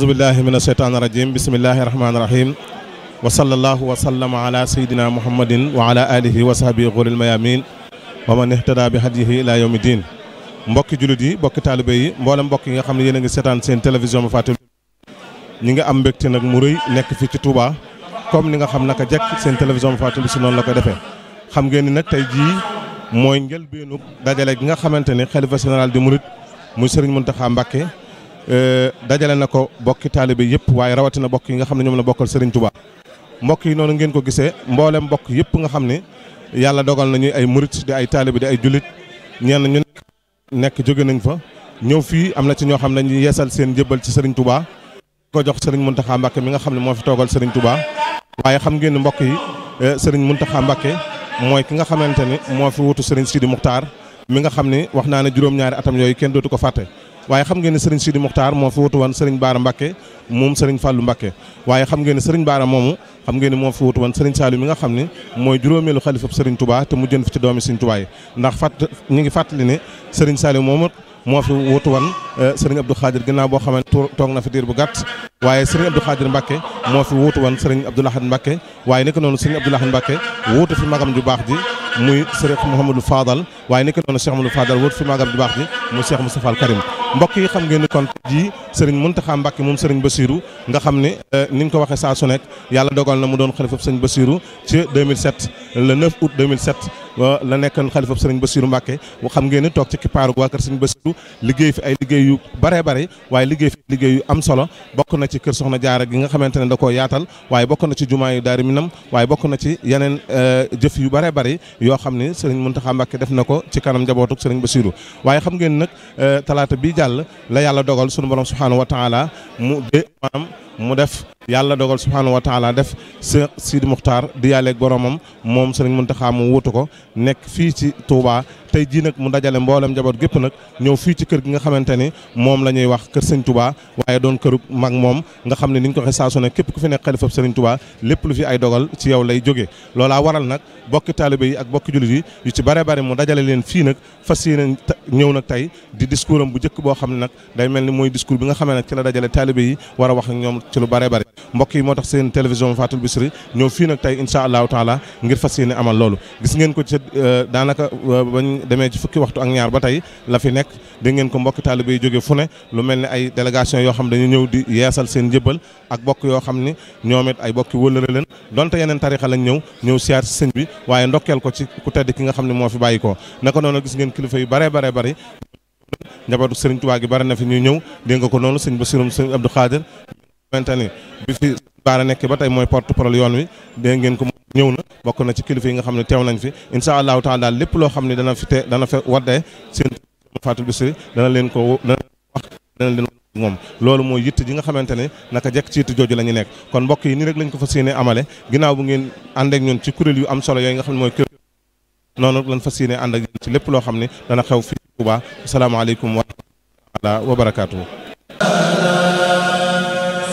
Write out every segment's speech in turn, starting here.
auzu billahi min asheytaani irajim bismillahi irahmani irahim wa sallallahu wa sallama ala sayidina muhammadin wa ala alihi wa sahbihi xuril mayamin wa man ihtada bi hadihi ila yawmi din mbokki jullit yi mbokki taalibé yi mboolem mbokk yi nga xam ne yéen a ngi seetaan seen télévision ma fàttali ñi nga am mbégte nag mu rëy nekk fii ci Touba comme ni nga xam naka jekk seen télévision ma fàttali si noonu la ko defee xam ngeen ni nag tey jii mooy njëlbéenu dajale gi nga xamante ne xalifa général di murit muy Sëriñ Muntaxa Mbàkke Euh, dajale na ko bokki taalibe yëpp waaye rawatina bokk yi nga xam ne ñoom la bokkal Serigne Touba mbokk yi noonu ngeen ko gisee mboolem mbokk yëpp nga xam ni yàlla dogal nañu ay murit di ay taalibe di ay jullit na ñu nekk jóge nañ fa ñëw fii am na ci ñoo xam ne ñu yeesal seen jëbbal ci Serigne Touba ko jox Serigne Mountakha Mbacké mi nga xam ne moo fi toogal Serigne Touba waaye xam ngeen mbokk yi euh, Serigne Mountakha Mbacké mooy ki nga xamante ne moo fi wutu Serigne Sidi Moukhtar mi nga xam ne wax naa ne juróom-ñaari atam yooyu kenn dootu ko fàtte waaye xam ngeen ne sëriñ Sidi Muxtaar moo fi wutu woon sëriñ Baara Mbacke moom sëriñ Fallou Mbacke waaye xam ngeen ne sëriñ Baara moomu xam ngeen ne moo fi wutu woon sëriñ saali mi nga xam ne mooy juróomeelu xalifab sëriñ Touba te mu jën fi ci doomi sëriñ Touba ndax fàtt ñu ngi fàttali ne sëriñ saali moomu moo fi wutu woon euh, sëriñ Abdou Khadir ginnaaw boo xamante toog na fi diir bu gàtt waaye sëriñ Abdou Khadir Mbacke moo fi wuutu woon sëriñ Abdou Lahad Mbacke waaye nekk noonu sëriñ Abdou Lahad Mbacke wuutu fi magam ju baax ji muy sëriñ Mouhamadou Fadal waaye nekk noonu Cheikh Mouhamadou Fadal wuutu fi magam ju baax ji muy Cheikh Moustapha Al Karim mbokk yi xam ngeen ni ji sëriñ Mountakha Mbacke moom sëriñ Bassirou nga xam ne ni euh, ko waxee saa su nekk yàlla dogal na mu doon xalifab sëriñ Bassirou ci 2007 le 9 août 2007 euh, la nekkoon xalifab sëriñ Bassirou Mbacke xam ngeen ni toog fi ay liggéey yu bare bare waaye liggéey liggéey yu am solo na ci kër soxna jaara gi nga xamante ne da koo yaatal waaye bokk na ci jumaa yu daari minam waaye bokk na ci yeneen euh, jëf yu bare bari yoo xam ni sëriñ Muntaxa Mbàkke def na ko ci kanam njabootuk sëriñ Basiru waaye xam ngeen nag euh, talaata bi jàll la yàlla dogal sunu borom subhaanahu wa taala mu de maanaam mu def yàlla dogal subhaanahu wa taala def sëñ Sidi Muxtaar di yàlleeg boromam moom sëriñ Muntaxa mu wutu ko nekk fii ci Touba tey jii nag mu dajale mboolem njaboot gépp nag ñëw fii ci kër gi nga xamante ni moom la ñuy wax kër sëñ Touba waaye doon këru mag moom nga xam ne ni ñu ko waxee su ne képp ku fi nekk xalifab sëriñ Touba lépp lu fi ay dogal ci yow lay jógee loolaa waral nag bokki taalibe yi ak bokki jullit yi yu ci bare bare mu dajale leen fii nag fas yéene ñëw nag tey di bu njëkk boo xam ne nag day mel ni mooy discours bi nga xamee nag ci la dajale taalibe yi war a wax ak ñoom ci lu bare bare mbokk yi moo tax seen télévision Fatul Bichri ñëw fii nag tey incha allahu taala ngir fas yéene amal loolu gis ngeen ko ci euh, daanaka euh, bañ demee ci fukki waxtu ak ñaar ba tey la fi nekk da ko mbokki taalibe yi jógee fu ne lu mel ne ay délégation yoo xam dañu ñëw di yeesal seen njëbbal ak bokk yoo xam ni ñoom it ay bokki wëllëre leen donte yeneen tarixa lañ ñëw ñëw siyaar si sëñ bi waaye ndokkeel ko ci ku tedd ki nga xam ne moo fi bàyyi ko naka noonu gis ngeen kilifa yu bare bare bare njabootu sëriñ Tuubaa gi bare na fi ñuy ñëw dégg nga ko noonu sëñ Basirum sëñ Abdou Khadir xamante ni bi fi nekk ba tey mooy porte parole yoon wi dégg ngeen ko ñëw na bokk na ci kilifa yi nga xam ne teew nañ fi incha allahu taala lépp loo xam ne dana fi te dana fe waddee seen dana leen ko dana wax dana leen moom loolu mooy yitt ji nga xamante ne naka jekk ci yitt jooju la ñu nekk kon mbokk yi nii rek lañ ko fas yéene amale ginnaaw bu ngeen ànd ak ñun ci kuréel yu am solo yooyu nga xam ne mooy kuréel noonu lañ fas yéene ànd ak ci lépp loo xam ne dana xew fii Touba asalaamaaleykum wa rahmatulah wa barakaatu.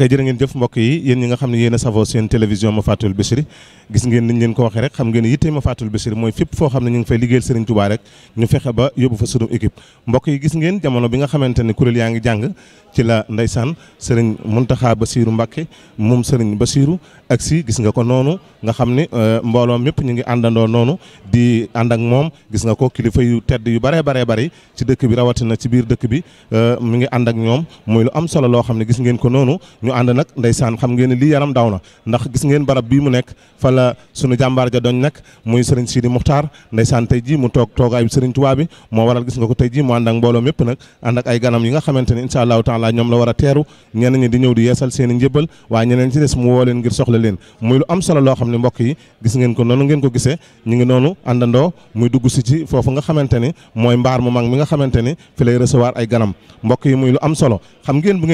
ok jërë ngeen def mbokk yi yéen ñi nga xam ne yéen a seen télévision ma fàttul Bichri gis ngeen niñ leen ko waxee rek xam ngeen yittee ma fàttul Bichri mooy fépp foo xam ne ñu ngi fay liggéeyal Serigne Touba rek ñu ba yóbbu fa sunu équipe mbokk yi nga ak si gis nga ko noonu nga xam ne euh, mbooloo mépp ñu ngi àndandoo noonu di ànd ak moom gis nga ko kilifa yu tedd yu baree baree bari ci dëkk bi rawatina ci biir dëkk bi euh, mu ngi ànd ak ñoom mooy lu am solo loo xam ne gis ngeen ko noonu ñu ànd nag ndeysaan xam ngeen ne lii yaram daw na ndax gis ngeen barab bii mu nekk fa la sunu jàmbaar ja doñ nag muy sëriñ Sidi Muxtaar ndeysaan tey mu toog toogaay bi sëriñ Tuubaa moo waral gis nga ko tey mu ànd ak mbooloo nag ànd ay ganam yi nga xamante ne allahu taala ñoom la war a teeru ñenn ñi di ñëw di yeesal seen i njëbbal waaye ñeneen ci des mu woo ngir soxla leen muy lu am solo loo xam ne mbokk yi gis ngeen ko noonu ngeen ko gisee ñu ngi noonu àndandoo muy dugg si ci foofu nga xamante ni mooy mbaar mu mag yi muy lu am solo xam ngeen bu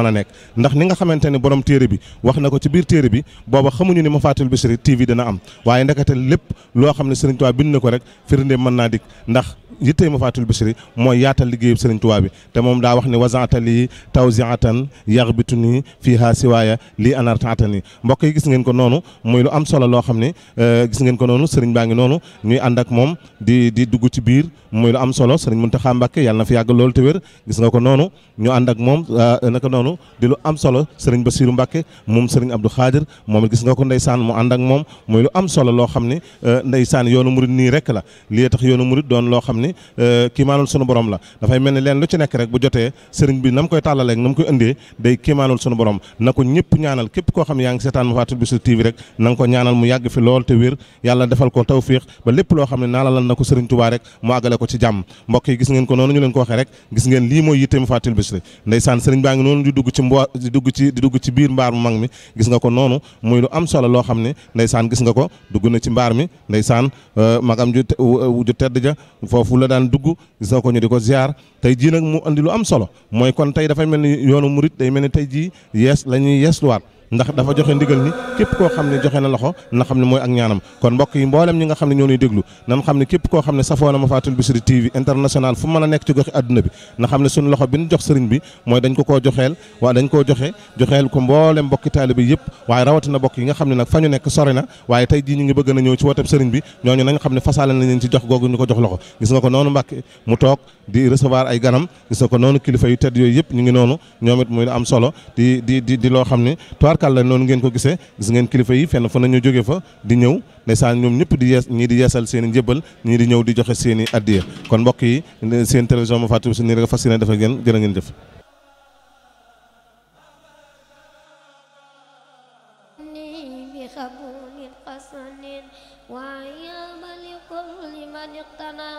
a nekk ndax ni nga xamante ni borom téere bi wax na ko ci biir téere bi booba xamuñu ni Mafaatihul Bichri TV dana am waaye ndekete lépp loo xam ne Serigne Touba bind na ko rek firnde mën naa dikk ndax yittey Mafaatihul Bichri mooy yaatal liggéeyub Serigne Touba bi te moom daa wax ne wasantali tawsiatan yaxbitu nii fiiha siwaaya lii anartaatani mbokk yi gis ngeen ko noonu muy lu am solo loo xam ne euh, gis ngeen ko noonu Serigne baa ngi noonu ñuy ànd ak moom di di dugg ci biir muy lu am solo Serigne Mountakha Mbacké yàlla na fi yàgg loolu te gis nga ko noonu ñu ànd ak moom euh, naka noonu solo sëriñ Basiiru Mbàkke moom sëriñ Abdou Xaadir moom it gis nga ko ndeysaan mu ànd moom muy lu am solo loo xam ne euh, ndeysaan yoonu murit nii rek la lii tax yoonu murit doon loo xam ne euh, kiimaanul sunu borom la dafay mel ni leen lu ci nekk rek bu jotee sëriñ bi na mu koy tàllaleeg na mu koy indee day kiimaanul sunu borom na ko ñëpp ñaanal képp koo xam ne yaa ngi seetaan Mafaatihul Bichri TV rek na nga ko ñaanal mu yàgg fi lool te wér yàlla defal loo xam ne naalalal na ko sëriñ Tuubaa rek mu àggale ko ci jàmm mbokk yi gis ngeen ko noonu ñu leen ko waxee rek gis ngeen lii mooy dugg ci di dugg ci biir mbaar mu mag mi gis nga ko noonu muy lu am solo loo xam ne ndeysaan gis nga ko dugg na ci mbaar mi ndeysaan euh, magam ju ju tedd ja foofu la daan dugg gis nga ko ñu di ko ziar tey jii nag mu indi lu am solo mooy kon tey dafay mel ni yoonu murit day mel ni tey jii yees la ñuy yeesluwaat ndax dafa joxe ndigal ni képp koo xam ne joxe na loxo na xam ne mooy ak ñaanam kon mbokk yi mboolem ñi nga xam ne ñoo ñuy déglu nan xam ne képp koo xam ne safoona ma faatul Bichri TV international fu mën a nekk ci goxi àdduna bi na xam ne suñu loxo bi ñu jox sëriñ bi mooy dañ ko koo joxeel waa dañ koo joxe joxeel ko mboolem mbokki taalibe yëpp waaye rawatina mbokk yi nga xam ne nag fa ñu nekk sori na waaye tey jii ñu ngi bëgg na ñëw ci wotab sëriñ bi ñooñu nañ xam ne fasaale nañ leen ci jox googu ko jox loxo gis nga ko noonu Mbàkke di recevoir ay ganam gis na ko noonu kilifa yu tedd yooyu yëpp ñu ngi noonu ñoom it muy am solo di di di di loo xam ne tubaarkàl la noonu ngeen ko gisee gis ngeen kilifa yi fenn fa nañu jóge fa di ñëw ndeysaan ñoom ñëpp di yees ñii di yeesal seen i ñii di ñëw di joxe seen i kon mbokk yi seen télévision ma fàttali si nii rek fas yéene def ak ngeen jëf خبون حسن وعياب لكل من اقتنى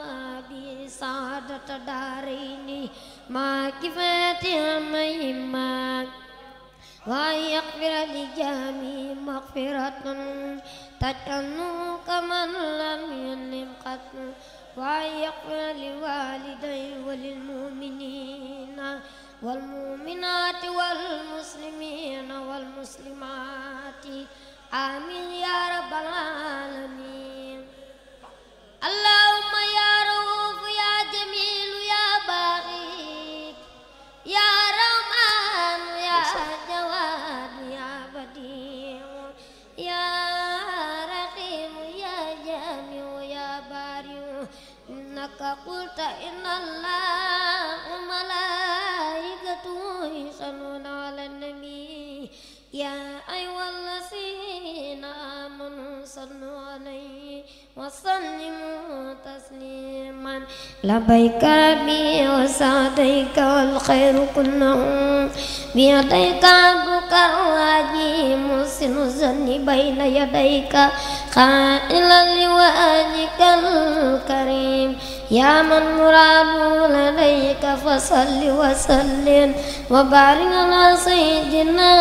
بسعادة دارين مع كفاية ميمة وأن يغفر لجميع مغفرة تجن كمن لم ينم قط وأن يغفر لوالدي وللمؤمنين والمؤمنات والمسلمين والمسلمات amiin ya rabbal aalamiin صلوا عليه وسلموا تسليما لبيك ربي وسعديك والخير كله بيديك عبدك الراجي محسن الظن بين يديك خائلا لوجهك الكريم يا من مراده لديك فصل وسلم وبارك على سيدنا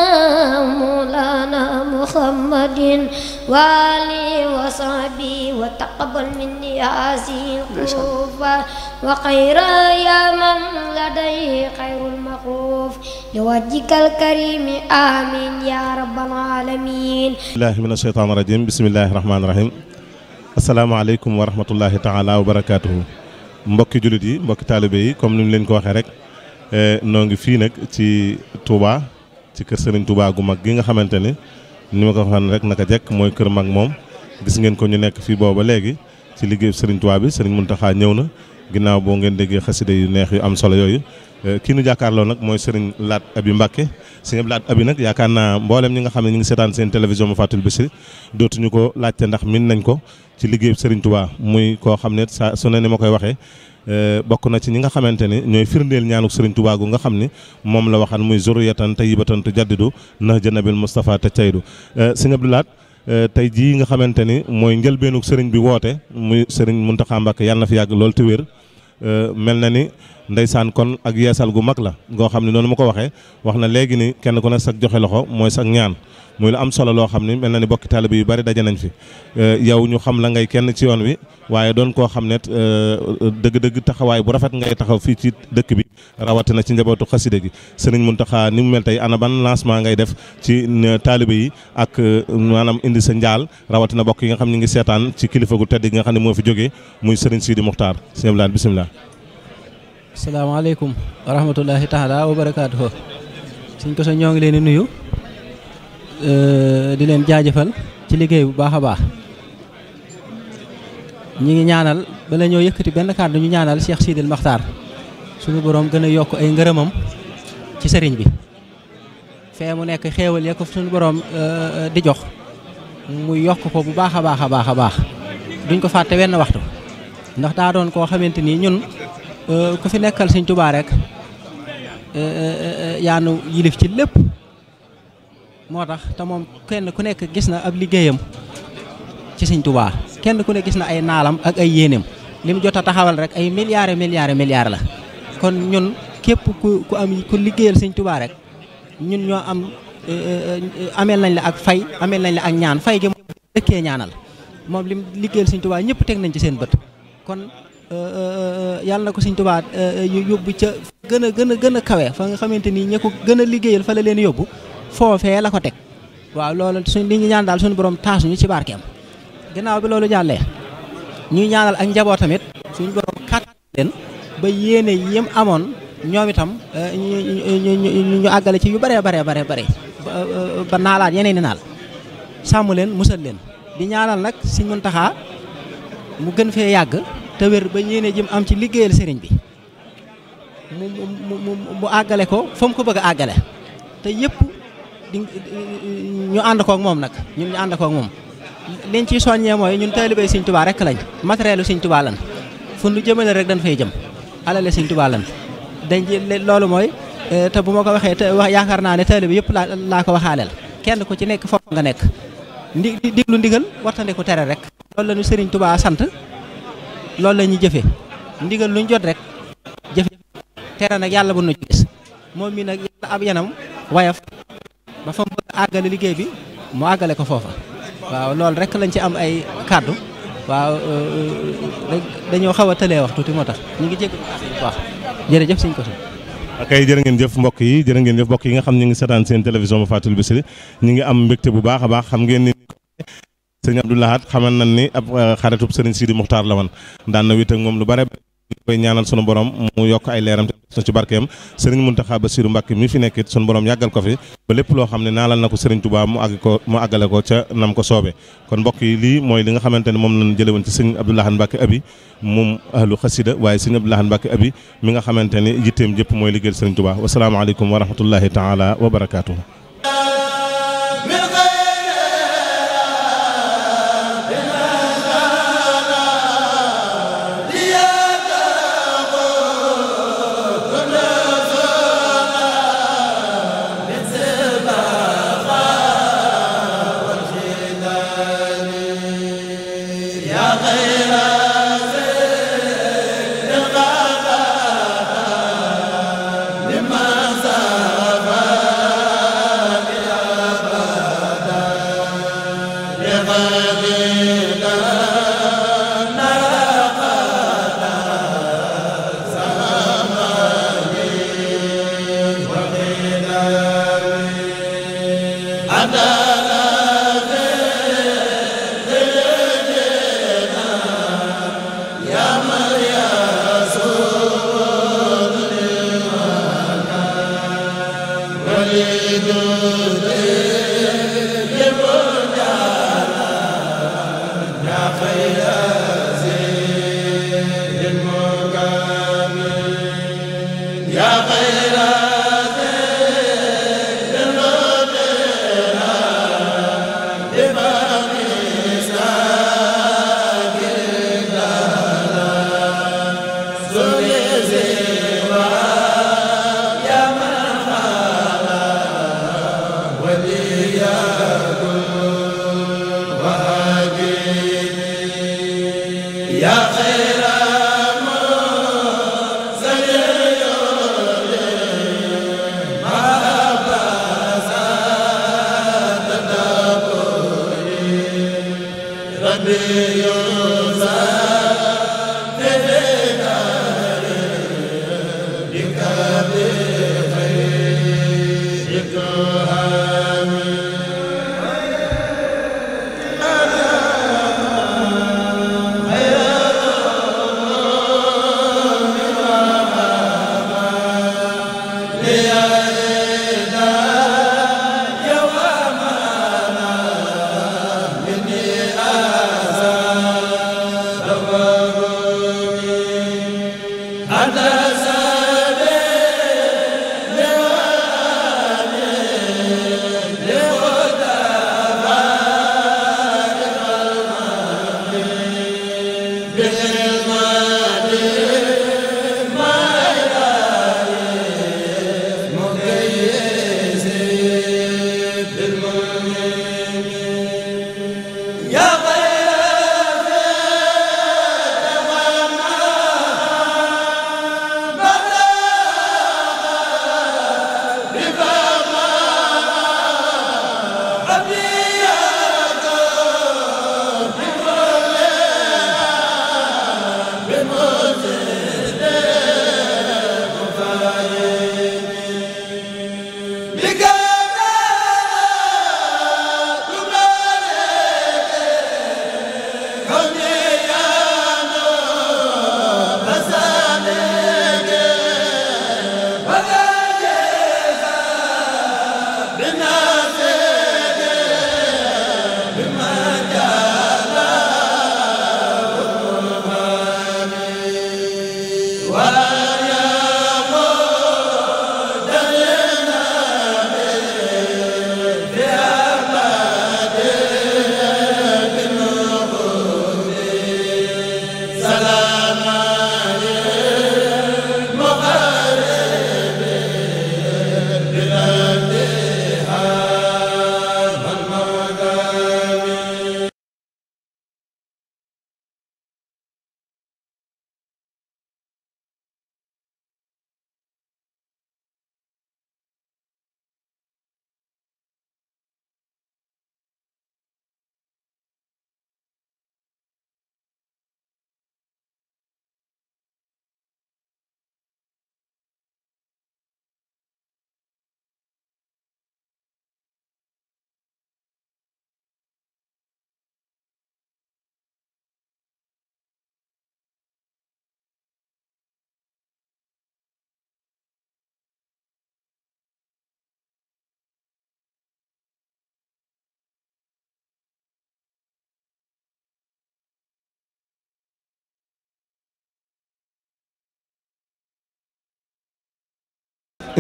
مولانا محمد وآله وصحبه وتقبل مني هذه القوة وخير يا من لديه خير المخوف لوجهك الكريم آمين يا رب العالمين الله من الشيطان الرجيم بسم الله الرحمن الرحيم asalaamaaleykum wa rahmatullahi taala wa barakaatuhu mbokki jullit yi mbokki taalibe yi comme ni mu leen ko waxee rek eh, noo ngi fii nag ci Touba ci kër Serigne Touba gu mag gi nga xamante ni ni ma ko waxoon rek naka jekk mooy kër mag moom gis ngeen ko ñu nekk fii booba léegi ci liggéeyu Serigne Touba bi Serigne Mountakha ñëw na ginnaaw boo ngeen déggee xasida yu neex yu am solo yooyu Euh, kii nu jàkkaarloo nag mooy Serigne Laat Abi Mbacke Serigne Laat Abi nag yaakaar naa mbooleem ñi nga xam ne ñu ngi seetaan seen télévision mu fàttali Bichri dootuñu ko laajte ndax min nañ ko ci liggéey Serigne Touba muy koo xam ne saa su ne ni ma koy waxee euh, bokk na ci ñi nga xamante ni ñooy firndeel ñaanu Serigne tubaa gu nga xam ni moom la waxan muy zuriyatan tayyibatan tujaddidu nahja nabil Mustafa te caydu euh, Serigne Abdou Laat tey jii nga xamante ni mooy njëlbeenu Serigne bi woote muy Serigne Mountakha Mbacke yàlla na fi yàgg lool te wér mel na ni. ndeysaan kon ak yeesal gu mag la ngoo xam ne noonu ma ko waxee wax na léegi ni kenn ku ne sag joxe loxo mooy sag ñaan muy lu am solo loo xam ne mel na ni bokki taalibe yu bari daje nañ fi eh, yow ñu xam la ngay kenn ci yoon wi waaye doon koo xam ne eh, dëgg-dëgg taxawaay bu rafet ngay taxaw fii ci dëkk bi rawatina ci njabootu xasida gi sëriñ Muntaxa ni mu mel tey ana ban lancement ngay def ci taalibe yi ak eh, maanaam indi sa njaal rawatina bokk yi nga xam ne ngi seetaan ci kilifa gu tedd gi nga xam ne moo fi jógee muy sëriñ Sidi Muxtaar bismillah salaamaaleykum wa rahmatullahi taala wa barakaatuhu suñ ko sa ñoo ngi leen di nuyu eh, di leen jaajëfal ci liggéey bu baax a baax ñi ngi ñaanal bala ñoo yëkkati benn kàddu ñu ñaanal Cheikh Sidil Maxtaar suñu boroom gën a yokk ay ngërëmam ci sëriñ bi fee mu nekk xéewal ya ko suñu boroom eh, di jox mu yokk ko bu baax a baax a baax a baax duñ ko fàtte wenn waxtu ndax daa doon koo xamante ni ñun Euh, ku fi nekkal sëñ Tuubaa rek euh, euh, yaanu yilif ci lépp moo tax te moom kenn ku nekk gis na ab liggéeyam ci sëñ Tuubaa kenn ku nekk gis na ay naalam ak ay yéeneem li mu jot a taxawal rek ay milliards milliards milliards la kon ñun képp ku ku am ku liggéeyal sëñ Tuubaa rek ñun ñoo am ameel nañ la ak fay ameel nañ la ak ñaan fay gi moom dëkkee ñaanal moom lim liggéeyal sëñ Tuubaa ñëpp teg nañ ci seen bët Euh, euh, euh, yàlla na ko Sëñ Tuubaa yóbbu ca gën a gën a gën a kawe fa nga xamante ni ña ko gën a liggéeyal fa la leen yóbbu foofee la ko teg waaw loolu suñ li ñu ñaan daal suñu borom taas ñu ci barkeem ginnaaw bi loolu jàllee ñuy ñaanal ak njaboo tamit suñu borom kàttan leen ba yéene yim amoon ñoom itam ñu àggale ci yu bare bare bare bare ba naalaat yeneen i naal sàmm leen musal leen di ñaanal nag Sëñ taxaa mu gën fee yàgg te wér ba ñeene jëm am ci liggéeyal sëriñ bi mu mu mu àggale ko fa mu ko bëgg a àggale te yëpp di ñu ànd koog moom nag ñun ñu ànd koog moom. liñ ciy soññee mooy ñun taalibey Sëriñ Tuubaa rek lañ matérielu Sëriñ Tuubaa lan fu nu jëmale rek dañ fay jëm alale Sëriñ Tuubaa lan dañ loolu mooy e, te bu ma ko waxee te wax yaakaar naa ne taalibe yëpp laa laa ko waxaaleel kenn ko ci nekk foofu nga nekk. ndi diglu ndigal wartandi ko tere rek loolu la Sëriñ tubaa sant. loolu la ñuy jëfee ndigal lu jot rek jëfe teera nag yàlla bu nu ci gis moom mi nag yàlla ab yanam wayaf ba fa mu bëgg àggale liggéey bi mu àggale ko foofa waaw loolu rek lañ ci am ay kàddu waaw euh, euh, dañoo xaw a tëlee wax tuuti moo tax ñu ngi jégg wax jërëjëf siñ ko si akay jërë ngeen jëf mbokk yi jërë ngeen jëf mbokk yi nga xam ñu ngi seetaan seen télévision ba Fatul Bichri ñu ngi am mbégte bu baax a baax xam ngeen ni sëñ Abdou xaman xamal nañ ni ab euh, xaritub sëriñ Sidi Muxtaar la woon daan na wéet ak moom lu bare koy ñaanal sunu borom mu yokk ay leeram te sunu ci barkeem sëriñ Muntaxa Basiru Mbàkke mi fi nekkit sunu borom yàggal ko fi ba lépp loo xam ne naalal na ko sëriñ tubaa mu àgg ko mu àggale ko ca nam ko soobee kon mbokk yi lii mooy li nga xamante ne moom lañ jële woon ci sëriñ Abdou Lahad Mbàkke abi moom ahlu xasida waaye sëriñ Abdou Lahad Mbàkke abi mi nga xamante ne yitteem jëpp mooy liggéeyal sëriñ Tuubaa wasalaamaaleykum wa rahmatullahi taala wa barakaatuhu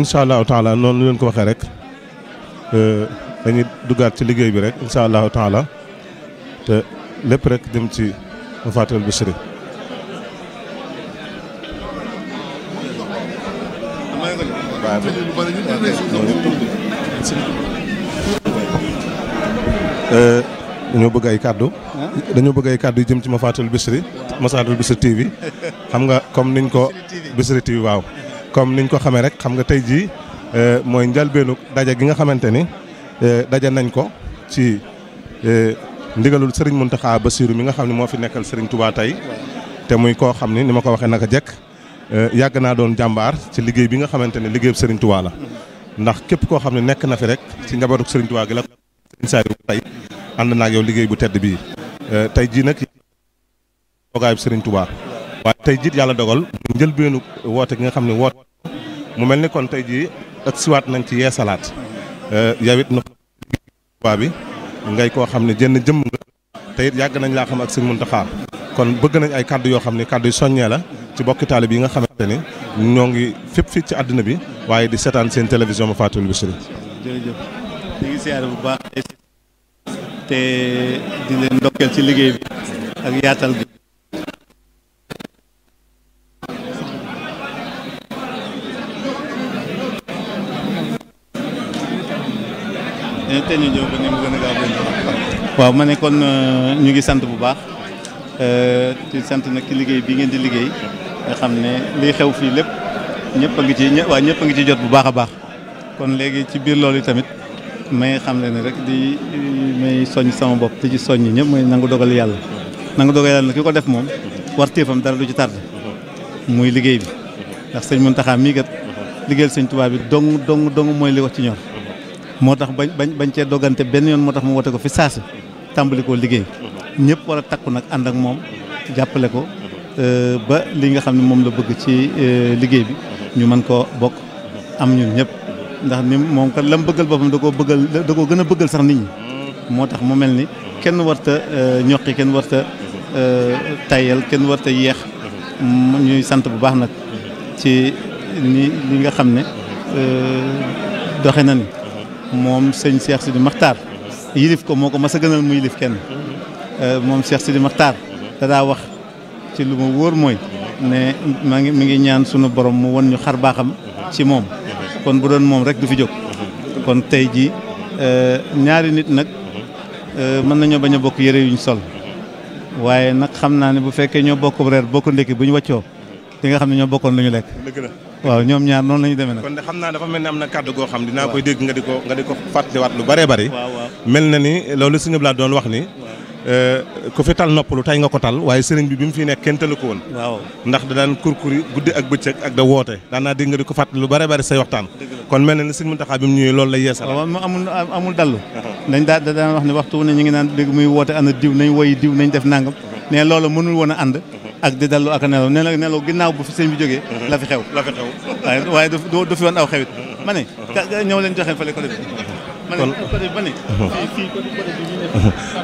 incha allahu taala noonu leen ko waxee rek euh, dañuy duggaat ci liggéey bi rek incha allahu taala te lépp rek dem ci Mafaatihul Bichri euh, dañoo bëgg ay kàddu dañoo bëgg ay kàddu yu jëm ci Mafaatihul Bichri Mafaatihul Bichri TV xam nga comme niñ ko Bichri TV waaw comme niñ ko xamee rek xam nga tey jii euh, mooy njalbeenu daje gi nga xamante ni euh, daje nañ ko ci euh, ndigalul Serigne ba Bassirou mi nga xam ne moo fi nekkal Serigne tubaa tey te muy koo xam ni ni ma ko waxee naka jekk yàgg naa doon jàmbaar ci liggéey bi nga xamante ne liggéeyub Serigne Touba la ndax képp koo xam ne nekk na fi rek ci njabootu Serigne Touba gi la Serigne Saliou tey ànd naa ak liggéey bu tedd bii tey jii nag toogaayub Serigne Touba waaye tey jiit yàlla dogal njëlbeenu woote gi nga xam ne woote mu mel ni kon tey jii ak siwaat nañ ci yeesalaat euh, yow it na waa bi koo xam ne jënn jëmm nga te yàgg nañ laa xam ak sëñ Muntaxa kon bëgg nañ ay kàddu yoo xam ne kàddu yu soññee la ci bokki taalib yi nga xamante ni ñoo ngi fépp fii ci àddina bi waaye di seetaan seen télévision ma fatul Bichri jërëjëf ñu ngi bu baax te di ndokkeel ci liggéey bi ak yaatal gi te ñu ñëw ba ni mu gën a gaaw waaw ma ne kon euh, ñu ngi sant bu baax ci euh, sant nag ci liggéey bii ngeen di liggéey nga xam ne li xew fii lépp ñëpp a ngi ci waa ñëpp ngi ci jot bu baax a baax kon léegi ci biir loolu tamit may xam leen ne rek di may soññ sama bopp di ci yi ñëpp mooy nangu dogal yàlla nangu dogal yàlla ki ko def moom war téefam dara du ci tardé muy liggéey bi ndax mun Muntaxa mii kat liggéeyal sëñ tubaab bi dong dong dong mooy li wax ci ñor moo tax bañ bañ bañ cee dogante benn yoon moo tax mu wote ko fi saasi tàmbali koo liggéey ñëpp war a takku nag ànd ak moom jàppale ko euh, ba li nga xam ne moom la bëgg ci euh, liggéey bi ñu mën ko bokk am ñun ñëpp ndax ni moom kat lam bëggal boppam da koo bëggal da koo gën a bëggal sax nit ñi moo tax mu mel ni kenn warta euh, ñoqi kenn warta tayal kenn warta yeex ñuy sant bu baax nag ci ni li nga xam ne doxe na ni moom sëñ Cheikh Sidi Maxtaar yilif ko moo ko mas a gënal mu yilif kenn euh, moom Cheikh Sidi Maxtaar da daa wax ci lu ma wóor mooy ne maa ngi mi ngi ñaan sunu borom mu won ñu xar baaxam ci moom kon bu doon moom rek du fi jóg kon tey ji euh, ñaari nit nag euh, mën nañoo bañ a bokk yëre yuñ sol waaye nag xam naa ne bu fekkee ñoo bokk reer bokk ndékki bu ñu wàccoo ki nga xam ne ñoo bokkoon lu ñu lekk waaw ñoom ñaar noonu la ñu nag kon de xam naa dafa mel ni am na kàddu goo xam dinaa koy dégg nga di ko nga lu bëree bëri mel na euh, bi bi mu fi nekk kenn talu ko woon waaw ndax da daan kurkuri guddi ak bëccëg ak da woote daan kon mel na ni sëñ Mountakha bi mu ñëwee loolu la yeesal amul amul dallu dañ uh-huh. da daan wax ne waxtu ne ñu ngi naan dégg muy woote ana diw nañ woyi diw nañ def nangam ne uh-huh. loolu mënul woon a ànd uh-huh. ak di dallu ak a nelaw nee ginnaaw bu fi sëñ bi jógee mhm. la fi xew waaye waaye du fi woon aw xewit mhm. ma ne mhm. ñëw leen joxeen fale côté bi bi ma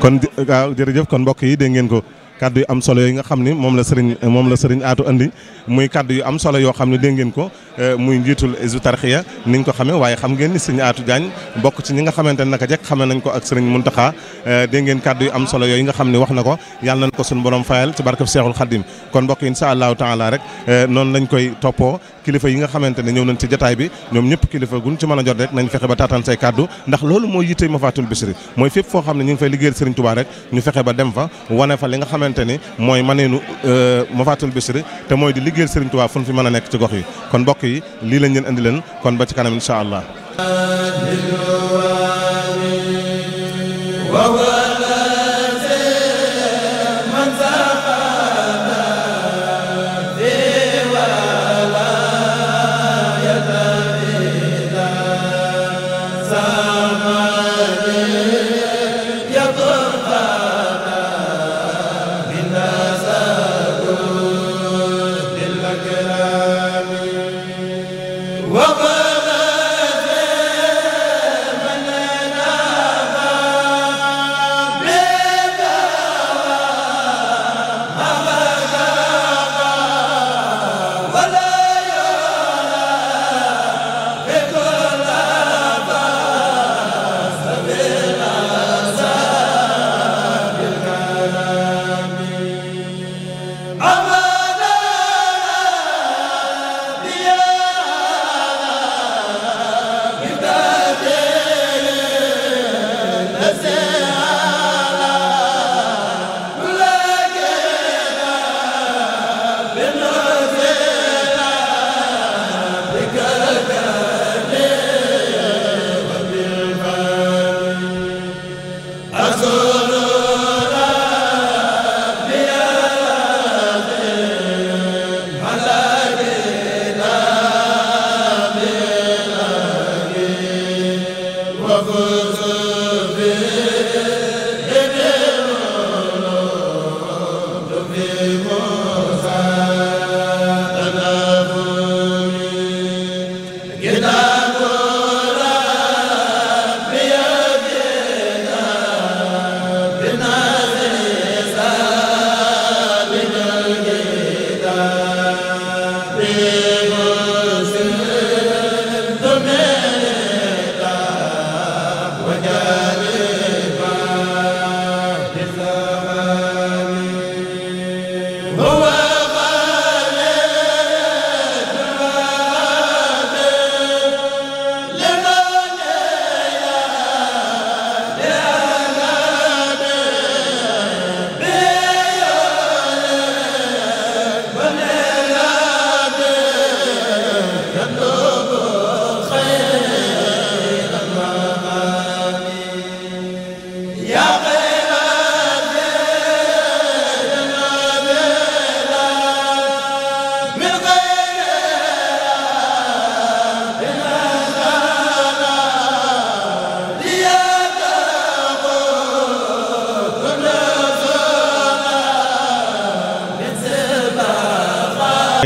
kon waaw jërëjëf kon mbokk yi de ngeen ko kaddu yu am solo yooyu nga xam ni moom la sëriñ moom la sëriñ aatu andi muy kaddu yu am solo yoo xam ne dégg ngeen ko eh, muy njiitul Hizbut Tarqiyyah ni nga ko xamee waaye xam ngeen ni sëriñ aatu Diagne bokk ci ñi nga xamante ne naka jekk xamee nañ ko ak sëriñ Muntaxa eh, dégg ngeen kaddu yu am solo yooyu nga xam ne wax na ko yàlla nañ ko suñu borom fayal ci barkeb Seexul Xadim kon mbokk incha allahu taala rek eh, noonu lañ koy toppoo kilifa yi nga xamante ne ñëw nañ ci jataay bi ñoom ñëpp kilifa guñ ci mën a jot rek nañ fexe ba taataan say kàddu ndax loolu mooy yitte Mafatul Bichri mooy fépp foo xam ne ñu ngi fay liggéeyal Serigne Touba rek ñu fexe ba dem fa wane fa li nga xamante ni mooy maneenu euh, Mafatul Bichri te mooy di liggéeyal Serigne Touba fu ñu fi mën a nekk ci gox yi kon mbokk yi lii lañ leen indi leen kon ba ci kanam incha allah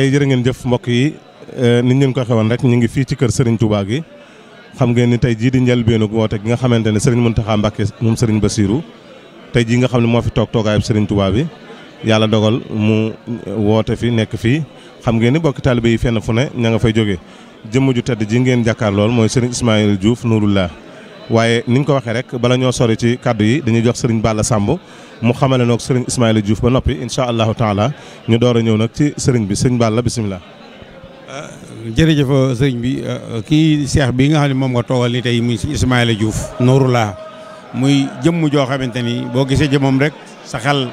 tey jërë ngeen jëf mbokk yi euh, ni ñu ko waxee rek ñu ngi fii ci kër Serigne tubaa gi xam ngeen ni tey jii di njëlbeenu woote gi nga xamante ne Serigne Mountakha Mbacké moom Serigne Bassirou tey jii nga xam ne moo fi toog toogaayub Serigne tubaa bi yàlla dogal mu euh, woote fi nekk fii xam ngeen ni bokki taalibe yi fenn fu ne ña ngi fay jóge jëmm ju tedd ji ngeen jàkkaar lool mooy Serigne Ismaïl Diouf laa waaye ni ñu ko waxee rek bala ñoo sori ci kàddu yi dañuy jox sëriñ Balla Samb mu xamale noog sëriñ Ismaïla Diouf ba noppi incha allahu taala ñu door a ñëw nag ci sëriñ bi sëriñ Balla bisimilah. Euh, jërëjëf euh, sëriñ bi euh, kii seex bi nga xam ne moom nga toogal ni tey muy si Ismaïla Diouf nooru laa muy jëmm joo xamante ni boo gisee jëmmam rek sa xel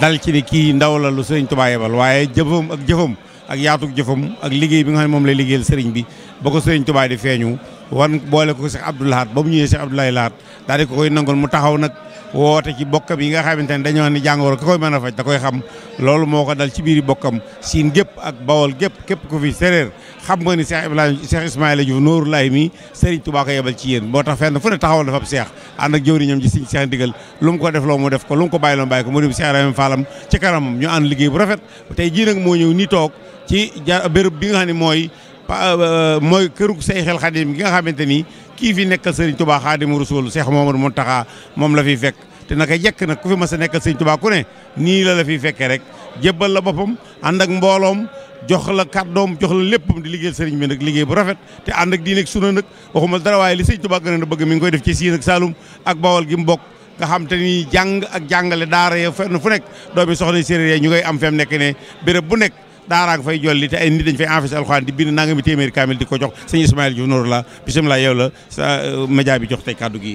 dal ci ni kii ndaw la lu sëriñ Tuubaa yebal waaye jëfam ak jëfam ak yaatug jëfam ak liggéey bi nga xam ne moom lay liggéeyal sëriñ bi ba ko sëriñ Tuubaa di feeñu wan boole ko Cheikh Abdou Lahad ba mu ñëwee Cheikh Abdou Lahad daal di ko koy nangul mu taxaw nag woote ci bokkam yi nga xamante ne dañoo ne jàngoro ka koy mën a faj da koy xam loolu moo ko dal ci biir bokkam siin gépp ak bawol gépp képp ko fi séréer xam nga ni Cheikh Ibrahima Cheikh Ismaïla Diouf Nooru Laay mi Serigne Touba ko yebal ci yéen moo tax fenn fu ne taxawal dafa ab Cheikh ànd ak jëwriñam ci Serigne Cheikh ndigal lu ko def loo mu def ko lu mu ko bàyyi loo mu bàyyi ko mu dem Cheikh Ibrahima Fallam ci kanamam ñu ànd liggéey bu rafet tey jii nag moo ñëw ni toog ci béréb bi nga mooy Euh, mooy kërug Seyxul Xadim gi nga xamante ni kii fi nekkal Serigne Touba Xaadimu Rasuul Cheikh Mamadou Mountakha moom la fi fekk te naka jekk nag ku fi mas a nekkal Serigne tubaa ku ne nii la la fi fekkee rek jébbal la boppam ànd ak mbooloom jox la kàddoom jox la léppam di liggéeyal sëriñ bi nag liggéey bu rafet te ànd ak diine ak suna nag waxuma dara waaye li sëriñ tubaa gën a bëgg mi ngi koy def ci Siin ak Saalum ak Bawol gi mu bokk nga xam te ni jàng ak jàngale daara ya fenn fu nekk doomi soxna séeréer ñu koy am fem nekk ne béréb bu nekk daaraanga fay jolli te ay nit dañ fay enfiis alxuraan di bind nangami téeméeri kaamil di ko jox sëñ Ismaïla Diouf Nour la bisimilah yow la sa euh, bi jox tey kàddu gi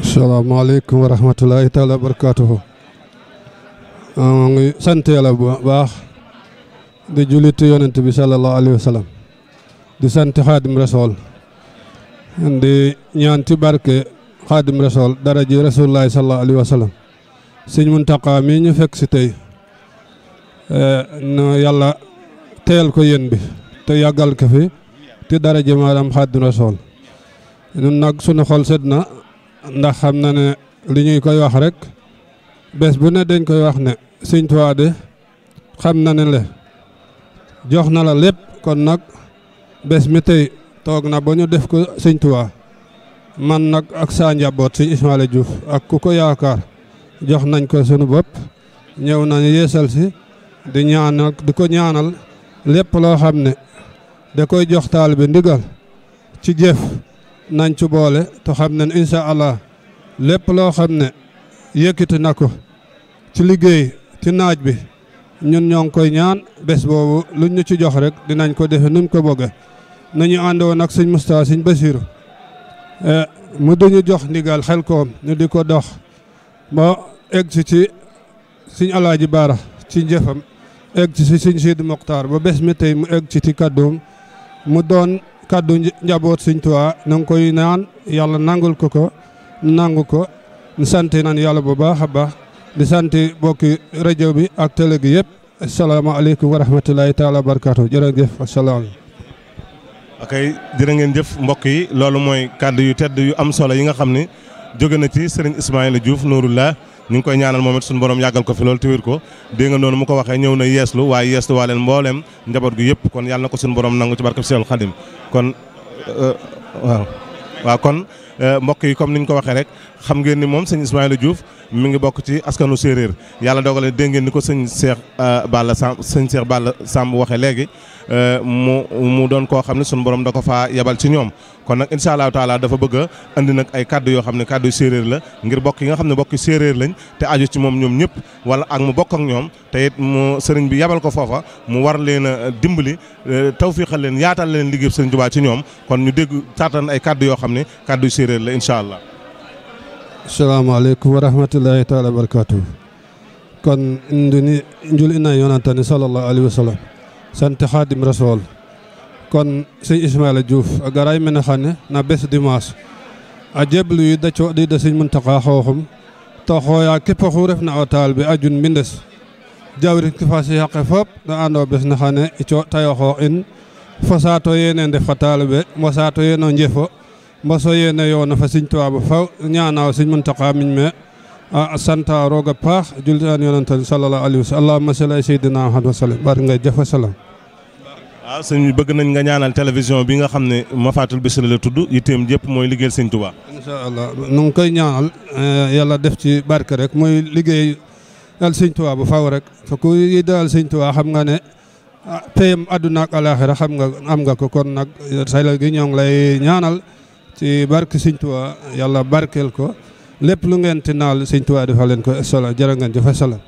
asalaamaaleykum wa rahmatulahi taala wa barakatuhu bu baax sant xaadim rasool di ñaan barke xaadim rasool dara ji rasulullahi sallallahu alayhi wa sallam sëñ ñu fekk si tey Eh, no yàlla teel ko yéen bi te yàggal ko fi te dara ji maanaam Xaadimu Rasuul ñun nag sunu xol sédd na ndax xam na ne li ñuy koy wax rek bés bu ne dañ koy wax ne Sëñ Tuubaa de xam na ne le jox na la lépp kon nag bés mi tey toog na ba ñu def ko Sëñ man nag ak saa njaboot Sëñ Ismaila Diouf ak ku ko yaakaar jox nañ ko sunu bopp ñëw nañu yeesal si di ñaanal di ko ñaanal lépp loo xam ne da koy jox taalibe ndigal ci jëf nañ ci boole te xam ne incha allah lépp loo xam ne yëkkati na ko ci liggéey ci naaj bi ñun ñoo ngi koy ñaan bés boobu luñ ñu ci jox rek dinañ ko defe nuñ ko bëgge nañu àndoon ak sëñ Moustapha sëñ Basiru eh, mu duñu jox ndigal xel koom ñu di ko dox ba egsi ci sëñ Alaaji Baara ci njëfam egg ci si sëñ Sidi ba bés mi tey mu egg ci ci kàddoom mu doon kàddu njaboot sëñ Tuubaa na koy naan yàlla nangul ko ko nangu ko sant nan yàlla bu baax a baax di sant bokki rajo bi ak télé gi yëpp asalaamaaleykum wa rahmatulahi taala wa barakaatu jërëjëf asalaam ok jërë ngeen jëf mbokk yi loolu mooy kàddu yu tedd yu am solo yi nga xam ni jóge na ci sëriñ Ismaïla Diouf Nouroulah ñu ngi koy ñaanal moom it suñu borom yàggal ko fi loolu tiwir ko dégg nga noonu mu ko waxee ñëw na yeeslu waaye yeeslu waa leen mbooleem njaboot gi yëpp kon yàlla ko suñu borom nangu ci barkab Seexul Xadim kon euh, euh, waaw waaw kon euh, mbokk yi comme ni ñu ko waxee rek xam ngeen ni moom sëñ Ismaïla Diouf mi ngi bokk ci askanu séeréer yàlla dogale dégg ngeen ni ko sëñ Cheikh Balla Samb sëñ Cheikh saam bu waxee léegi mu mu doon koo xam ne suñu borom da ko faa yebal ci ñoom kon nag incha allahu taala dafa bëgg a andi ay kàddu yoo xam ne kaddu séeréer la ngir bokk yi nga xam ne bokki séeréer lañ te aju ci moom ñoom ñëpp wala ak mu bokk ak ñoom tey mu sëriñ bi yabal ko foofa mu war leen a dimbali euh, tawfiixal leen yaatal leen liggéey sëriñ Tuubaa ci ñoom kon ñu dégg taatan ay kàddu yoo xam ne kaddu séeréer la incha allah. salaamaaleykum wa rahmatullahi taala wa barakaatu. kon indi ni njul ina yonantani sallallahu alayhi wa sant xaadim rasool kon sëñ Ismaila Diouf garay mene xane na bes dimanche a jeblu yi da coɗiida sëñ Muntaxa xooxum to xooya képp xu refna o taal be a jun mbindes jawrin ki fasi yaqe fop na ando bes ne xane i coɗtayo xoox in fo saato yeene ndef xa taal be mo saato yeeno njefo mboso yeene yoona fa sëñ Tuubaa faw ñaana o Muntaxa miñ me a santa paax julli an yonent sallallahu alayhi wa sallam allahumma nga jëf salaam waaw ah, sëñ bi bëgg nañ nga ñaanal télévision bi nga xam ne bi Bichri la tudd yitteem yëpp mooy liggéeyal sëñ Touba. incha allah nu ngi koy ñaanal eh, yàlla def ci bark rek mooy liggéey al sëñ Touba bu faw rek te ku yi daal sëñ xam nga ne ah, payam àdduna ak alaaxira xam nga am nga ko kon nag sayla gi ñoo ngi lay ñaanal ci bark sëñ Touba yàlla barkeel ko lépp lu ngeen ti naal sëñ Touba defal leen ko solo jërë ngeen jëf salaam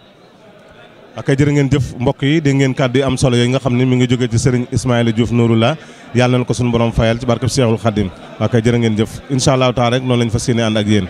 ak jërë ngeen jëf mbokk yi dégg ngeen kàddu yi am solo yooyu nga xam ne mi ngi jógee ci sëriñ Ismaïla Diouf Nouroullah yàlla nañ ko suñu borom fayal ci barkeb Seexul Xadim ak jërë ngeen jëf incha allahu rek noonu lañ fas yéene ànd ak yéen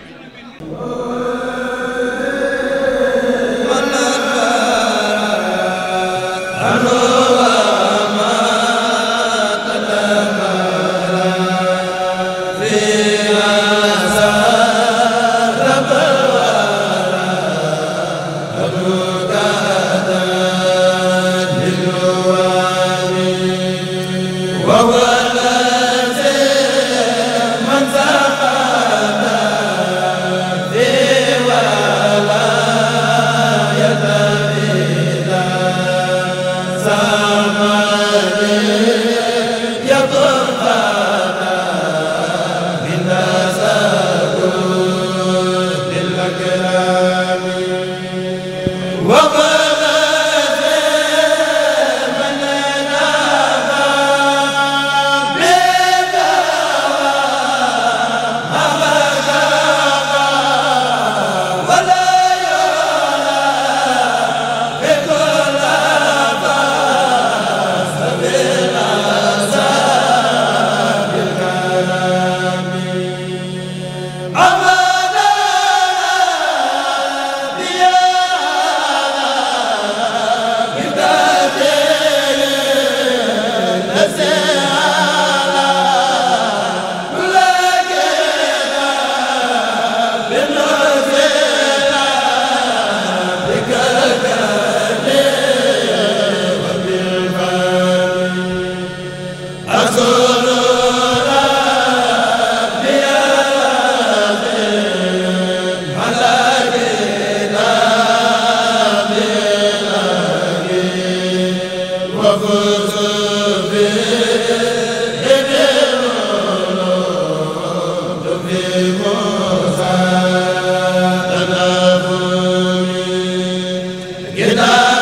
ila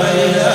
xayra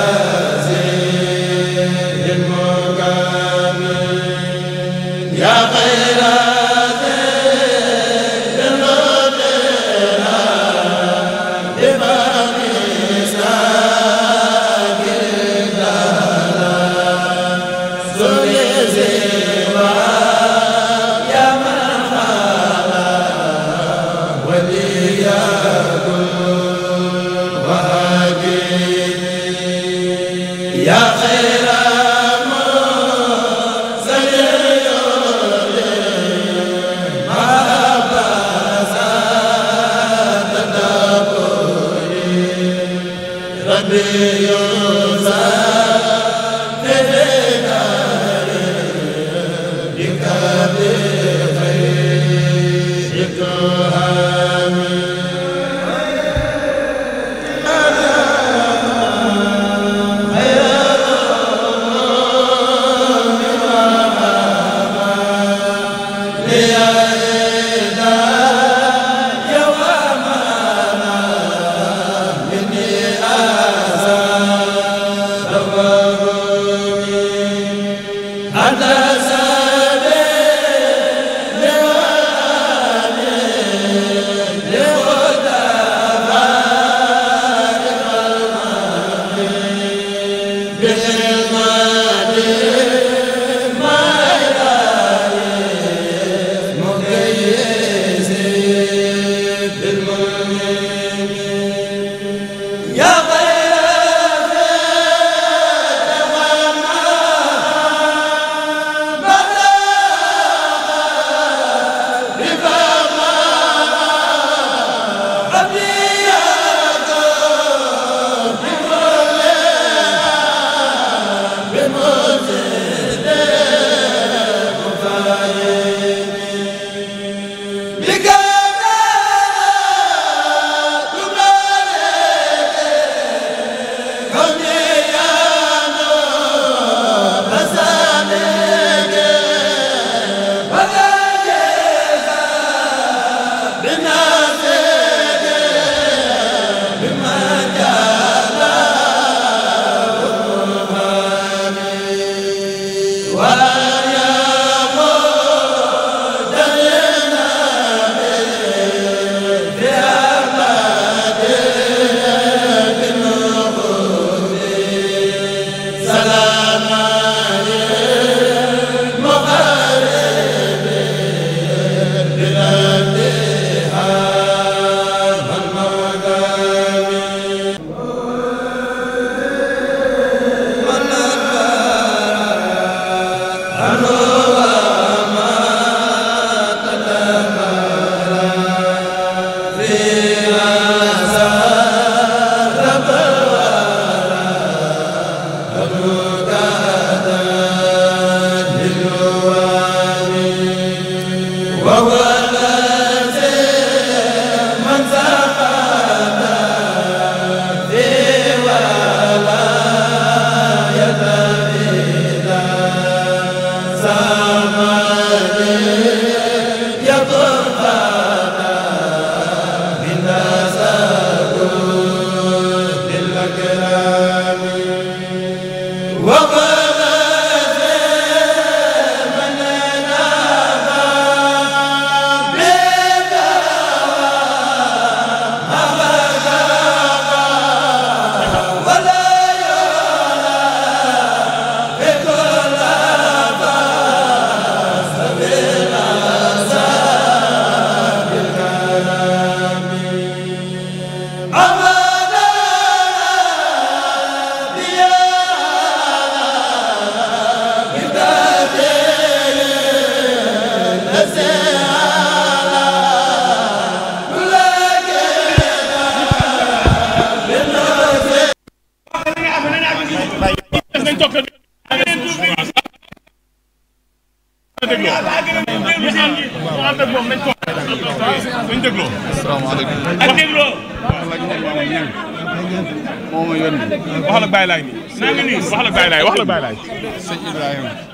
la Baye Laye.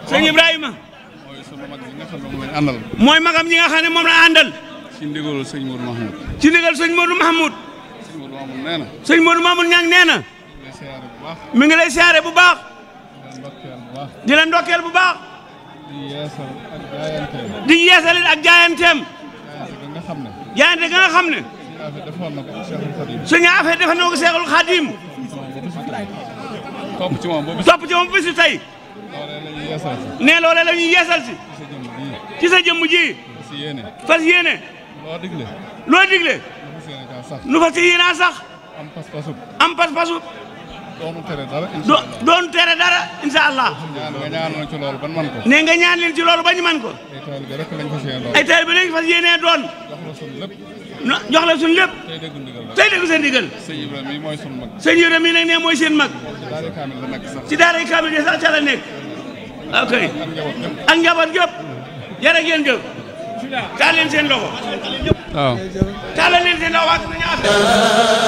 sëñ Ibrahima. sëñ mooy sunu mag ñi nga xam ne moom lañ àndal. mooy magam ñi nga xam ne moom la àndal. ci ndigalu sëñ Modou Mahmoud. ci ndigal nee na. ngi nee na. mi ngi lay siyaare bu baax. di bu baax. di Xadim. topp ci moom ba bisu tey. ne loolee la ñuy yeesal si. ci sa jëmm ji. fas yéene. loo digle. loo digle. nu fas yéene a sax. am pas-pasub. am pas-pasub. doonu tere dara incha allah doonu tere dara incha allah. nga ñaanal ci loolu ban man ko. ne nga ñaan leen ci loolu ba ko. ay taalibe rek lañ fas yéene doon. jox la suñu lépp. tey déggu ndigal la tey déggu seen ndigal. sëñ Ibrahima mii mooy sunu mag. sëñ nag nee mooy seen mag. ci daaray kaamil sax ca la nekk. ok ak njaboot yëpp yàlla ngeen jëf. taal leen seen loxo. waaw. taal leen seen loxo wax nañu affaire.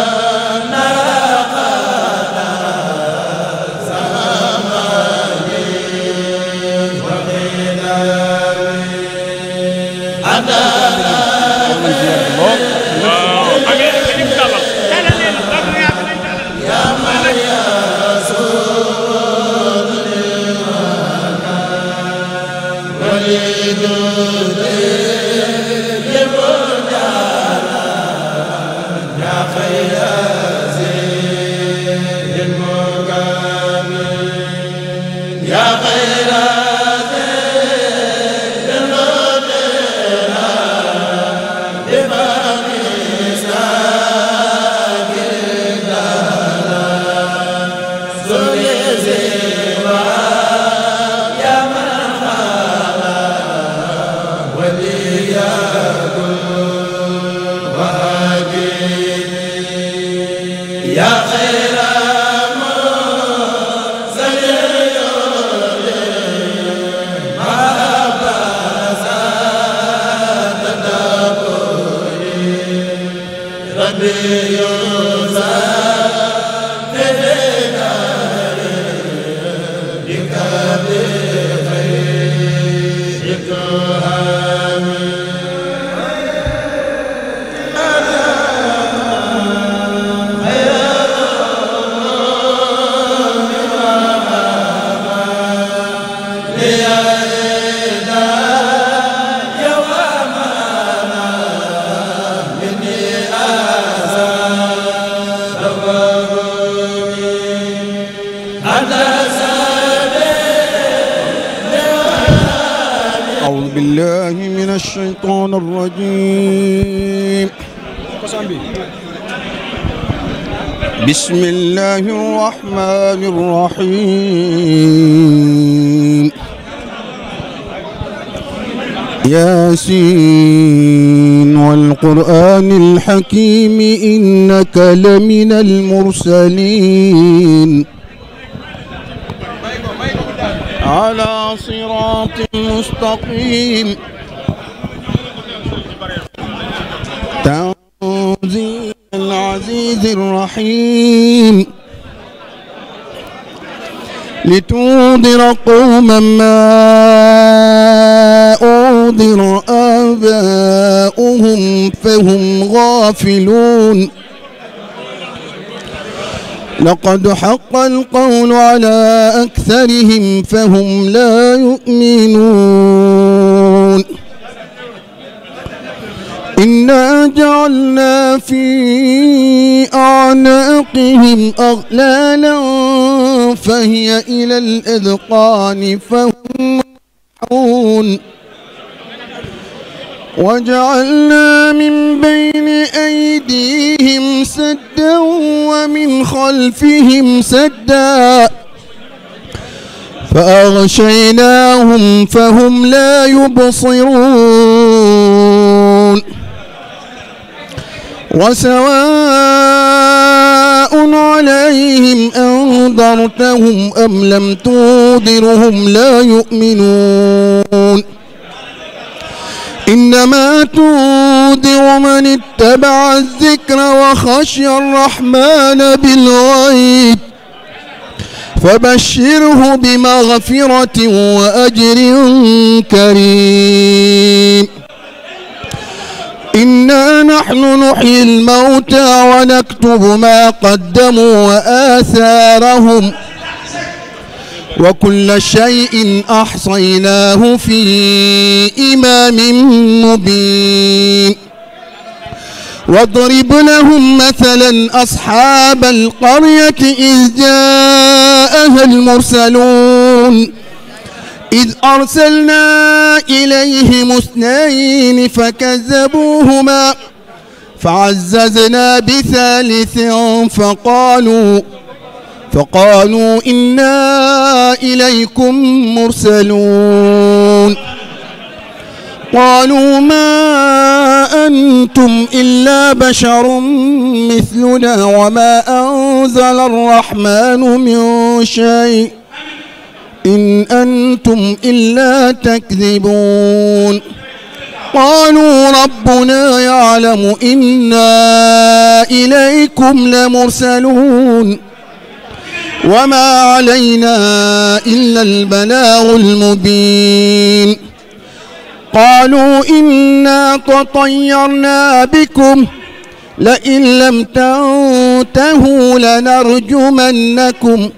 الشيطان الرجيم بسم الله الرحمن الرحيم ياسين والقرآن الحكيم إنك لمن المرسلين على صراط مستقيم العزيز الرحيم لتنذر قوما ما أنذر آباؤهم فهم غافلون لقد حق القول على أكثرهم فهم لا يؤمنون إنا جعلنا في أعناقهم أغلالا فهي إلى الأذقان فهم محون وجعلنا من بين أيديهم سدا ومن خلفهم سدا فأغشيناهم فهم لا يبصرون وسواء عليهم أنذرتهم أم لم تنذرهم لا يؤمنون إنما تنذر من اتبع الذكر وخشي الرحمن بالغيب فبشره بمغفرة وأجر كريم إنا نحن نحيي الموتى ونكتب ما قدموا وآثارهم وكل شيء أحصيناه في إمام مبين واضرب لهم مثلا أصحاب القرية إذ جاءها المرسلون إذ أرسلنا إليهم اثنين فكذبوهما فعززنا بثالث فقالوا فقالوا إنا إليكم مرسلون قالوا ما أنتم إلا بشر مثلنا وما أنزل الرحمن من شيء إن أنتم إلا تكذبون قالوا ربنا يعلم إنا إليكم لمرسلون وما علينا إلا البلاغ المبين قالوا إنا تطيرنا بكم لئن لم تنتهوا لنرجمنكم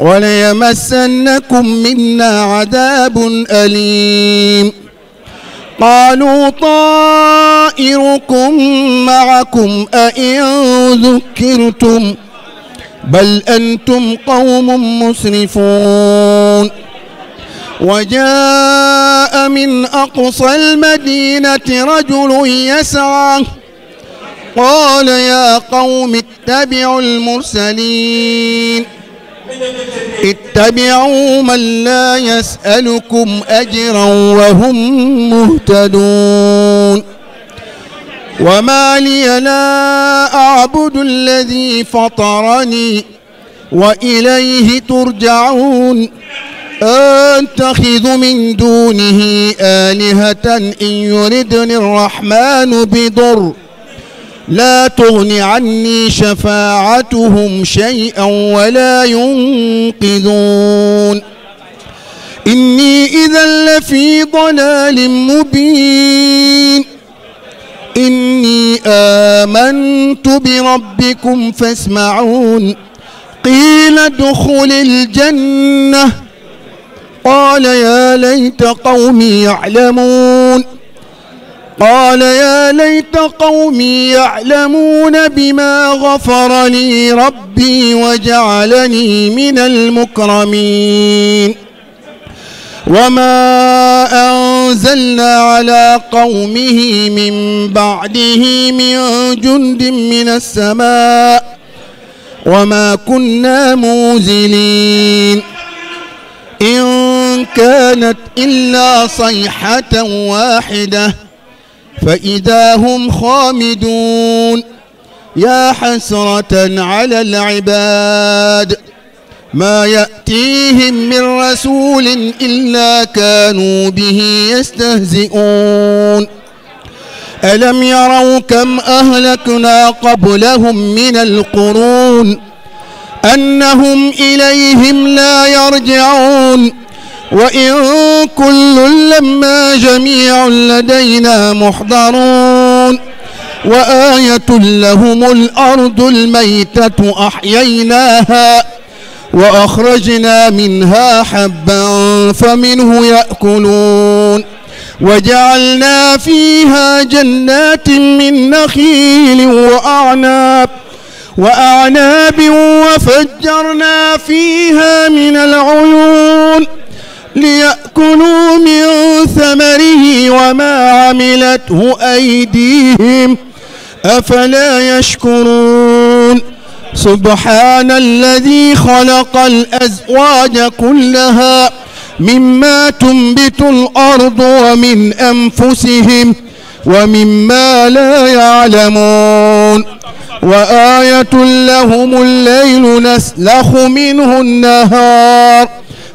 وليمسنكم منا عذاب أليم قالوا طائركم معكم أئن ذكرتم بل أنتم قوم مسرفون وجاء من أقصى المدينة رجل يسعى قال يا قوم اتبعوا المرسلين اتبعوا من لا يسألكم أجرا وهم مهتدون وما لي لا أعبد الذي فطرني وإليه ترجعون أتخذ من دونه آلهة إن يردني الرحمن بضر لا تغن عني شفاعتهم شيئا ولا ينقذون إني إذا لفي ضلال مبين إني آمنت بربكم فاسمعون قيل ادخل الجنة قال يا ليت قومي يعلمون قال يا ليت قومي يعلمون بما غفر لي ربي وجعلني من المكرمين وما أنزلنا على قومه من بعده من جند من السماء وما كنا موزلين إن كانت إلا صيحة واحدة فإذا هم خامدون يا حسرة على العباد ما يأتيهم من رسول إلا كانوا به يستهزئون ألم يروا كم أهلكنا قبلهم من القرون أنهم إليهم لا يرجعون وإن كل لما جميع لدينا محضرون وآية لهم الأرض الميتة أحييناها وأخرجنا منها حبا فمنه يأكلون وجعلنا فيها جنات من نخيل وأعناب وأعناب وفجرنا فيها من العيون ليأكلوا من ثمره وما عملته أيديهم أفلا يشكرون سبحان الذي خلق الأزواج كلها مما تنبت الأرض ومن أنفسهم ومما لا يعلمون وآية لهم الليل نسلخ منه النهار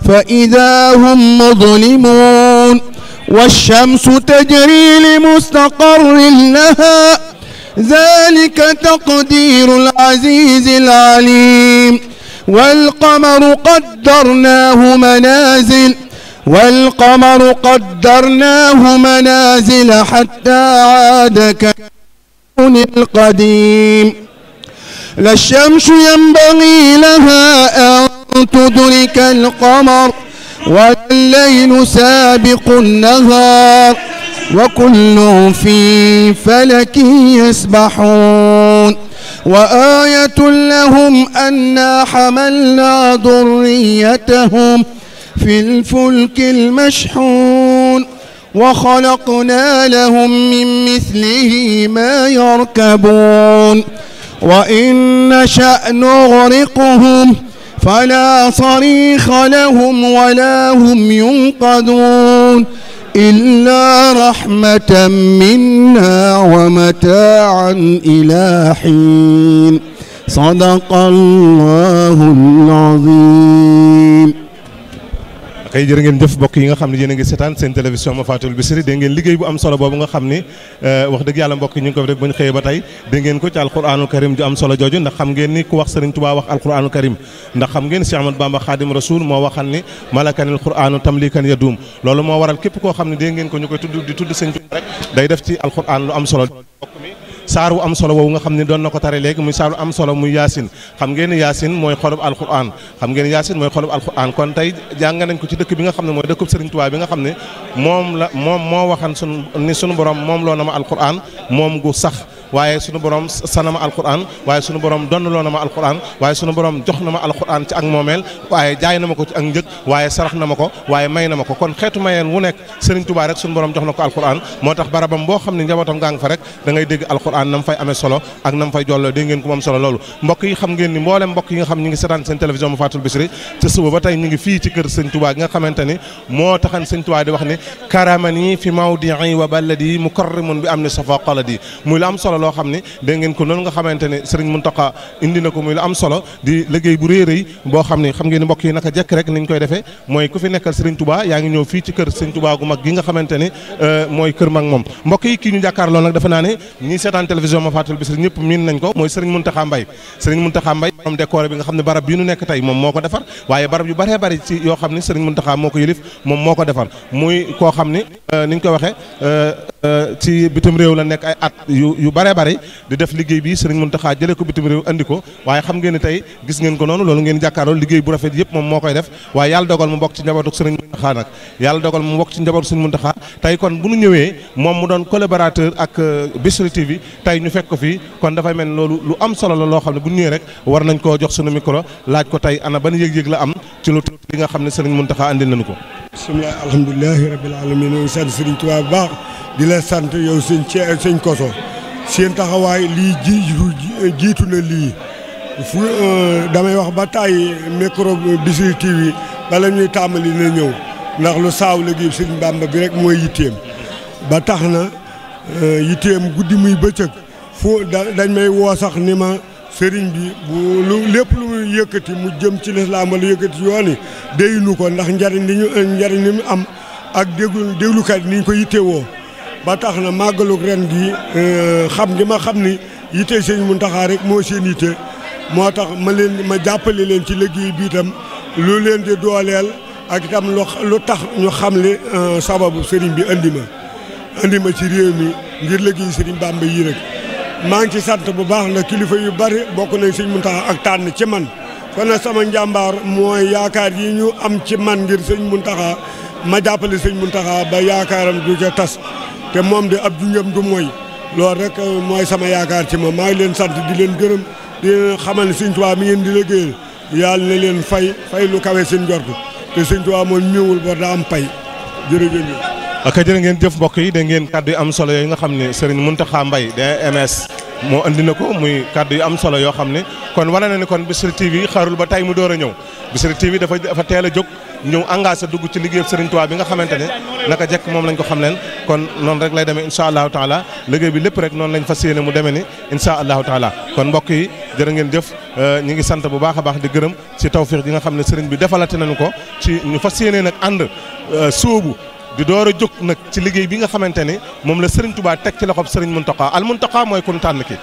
فإذا هم مظلمون والشمس تجري لمستقر لها ذلك تقدير العزيز العليم والقمر قدرناه منازل والقمر قدرناه منازل حتى عاد كالعون القديم لا الشمس ينبغي لها أن تدرك القمر والليل سابق النهار وكل في فلك يسبحون وآية لهم أنا حملنا ذريتهم في الفلك المشحون وخلقنا لهم من مثله ما يركبون وإن نشأ نغرقهم فلا صريخ لهم ولا هم ينقذون إلا رحمة منا ومتاعا إلى حين صدق الله العظيم kay jërë ngeen jëf mbokk yi nga xam ne yéen a ngi seetaan seen télévision ma fatul Bichri dégg ngeen liggéey bu am solo boobu nga xam ne euh, wax dëgg yàlla mbokk ñu ngi ko def bañ xëyee ba tey dégg ko ci alquranul karim karim ndax xam ngeen Cheikh Ahmad Bamba Xaadim Rasul moo waxal ni malakanil quranu tamlikan ya duum loolu moo waral képp koo xam ne dégg ngeen ko ñu koy tudd di tudd Sëriñ Tuubaa rek day def ci alquran lu am solo saar wu am solo woowu nga xam ne doon na ko tare léegi muy saar wu am solo muy yaasin xam ngeen ne yaasin mooy xolub alquran xam ngeen yaasin mooy xolub alquran kon tey jàng nañ ko ci dëkk bi nga xam ne mooy dëkkub Sëriñ Tuubaa ne moom la moom moo waxan sunu ni sunu borom moom loo na ma alquran moom gu sax waaye sunu borom sanama ma alquran waaye sunu borom donnaloo na ma alquran waaye sunu borom jox na ma alquran ci ak moomeel waaye jaay na ma ko ci ak njëg waaye sarax na ma ko waaye may na ma ko kon xeetu mayeen wu nekk Serigne Touba rek sunu borom jox na ko alquran moo tax barabam boo xam ne njabootam gaa ngi fa rek da ngay dégg alquran nam fay amee solo ak nam fay jolloo dégg ngeen ko moom solo loolu mbokk yi xam ngeen ni mboolem mbokk yi nga xam ñi ngi seetaan seen télévision mu Fatul Bichri te suba ba tey ñi ngi fii moo taxan Serigne Touba di wax ni karamani fi mawdi'i wa baladi mukarrimun bi am am solo loo xam ne da ngeen ko noonu nga xamante ne Serigne Mountakha indi na ko muy lu am solo di liggéey bu rëy rëy boo xam ne xam ngeen mbokk yi naka jekk rek niñ koy defee mooy ku fi nekkal Serigne Touba yaa ngi ñëw fii ci kër Serigne Touba gu mag gi nga xamante ne euh, mooy kër mag moom mbokk yi kii ñu jàkkaar loolu nag dafa naa ne ñii seetaan télévision ma fàttali bi Serigne ñëpp miin nañ ko mooy bi nga xam ne barab bi ñu nekk tey moom moo ko defar waaye barab Euh, ci bitim réew la nekk ay at yu yu bare bare di def liggéey bi Serigne Mountakha jëlee ko bitim réew indi ko waaye xam ngeen ne tey gis ngeen ko noonu loolu ngeen jàkkaarloo liggéey bu rafet yëpp moom moo koy def waaye yàlla dogal mu bokk ci njabootu Serigne Mountakha nag yàlla dogal mu bokk ci njabootu Serigne Mountakha tey kon bu ñu ñëwee moom mu doon collaborateur ak euh, Bichri bi tey ñu fekk ko fii kon dafay mel loolu lu am solo la loo xam ne bu ñu rek war nañ koo jox sunu laaj ko tey ana ban yëg-yëg la am ci lu li nga xam ne Serigne Mountakha andil nañu ko bisimilah alhamdulilahi rabil alamin ñu sant Serigne Touba bu baax di la sant yow sëñ Thie sëñ Koso seen taxawaay lii jiitu na lii fu euh, damay wax ba tàyyi micro Bichri TV bala ñuy tàmbali na ñëw ndax lu saaw léegi Serigne Bamba bi rek mooy yitteem ba tax na euh, yitteem guddi muy bëccëg fu dañ may woo ni ma sëriñ bi bu lu lépp lu muy yëkkati mu jëm ci lislaam wala yëkkati yoon yi déyinu ko ndax njariñ li ñu njariñ li mu am ak déglu déglukat niñ ñu ko yittewoo ba tax na màggalug ren gi euh, xam gi ma xam ni yitte sëriñ Muntaxa rek moo seen yitte moo tax ma leen ma jàppale leen ci liggéey bi itam lu leen di dooleel ak itam lu tax ñu xam xamle euh, sababu sëriñ bi indi ma indi ma ci réew mi ngir liggéey sëriñ Bàmba yi rek maa ngi ci sant bu baax na kilifa yu bari bokk nañ sëñ Muntaxa ak tànn ci man kon nag sama njàmbaar mooy yaakaar yi ñu am ci man ngir sëñ Muntaxa ma jàppale sëñ Muntaxa ba yaakaaram du ca tas te moom de ab junjam du mooy loolu rek euh, mooy sama yaakaar ci moom maa ngi leen sant di leen gërëm di leen xamal ne sëñ Tuubaa mi ngeen di liggéeyal yàlla na leen fay fay lu kawe seen jortu te sëñ Tuubaa moom ñëwul ba daa am pay jërëjëf ak jërë ngeen jëf mbokk yi da ngeen kàddu yu am solo yooyu nga xam ne Serigne Mountakha Mbaye DMS moo andi na ko muy kàddu yu am solo yoo xam ne kon wane na ni kon Bichri TV xaarul ba tay mu door a ñëw Bichri TV dafa dafa teel a jóg ñëw engagé dugg ci liggéeyub Serigne Touba bi nga xamante ne naka jekk moom lañ ko xam leen kon noonu rek lay demee incha allahu taala liggéey bi lépp rek noonu lañ fas yéene mu demee ni incha allahu taala kon mbokk yi jërë ngeen jëf euh, ñi ngi sant bu baax a baax di gërëm ci tawfiix gi nga xam ne sëriñ bi defalati nañu ko ci ñu fas yéene nag ànd euh, sóobu di door a jóg nag ci liggéey bi nga xamante ni moom la Serigne Touba teg ci loxob Serigne Mountakha al mooy kon tànn ki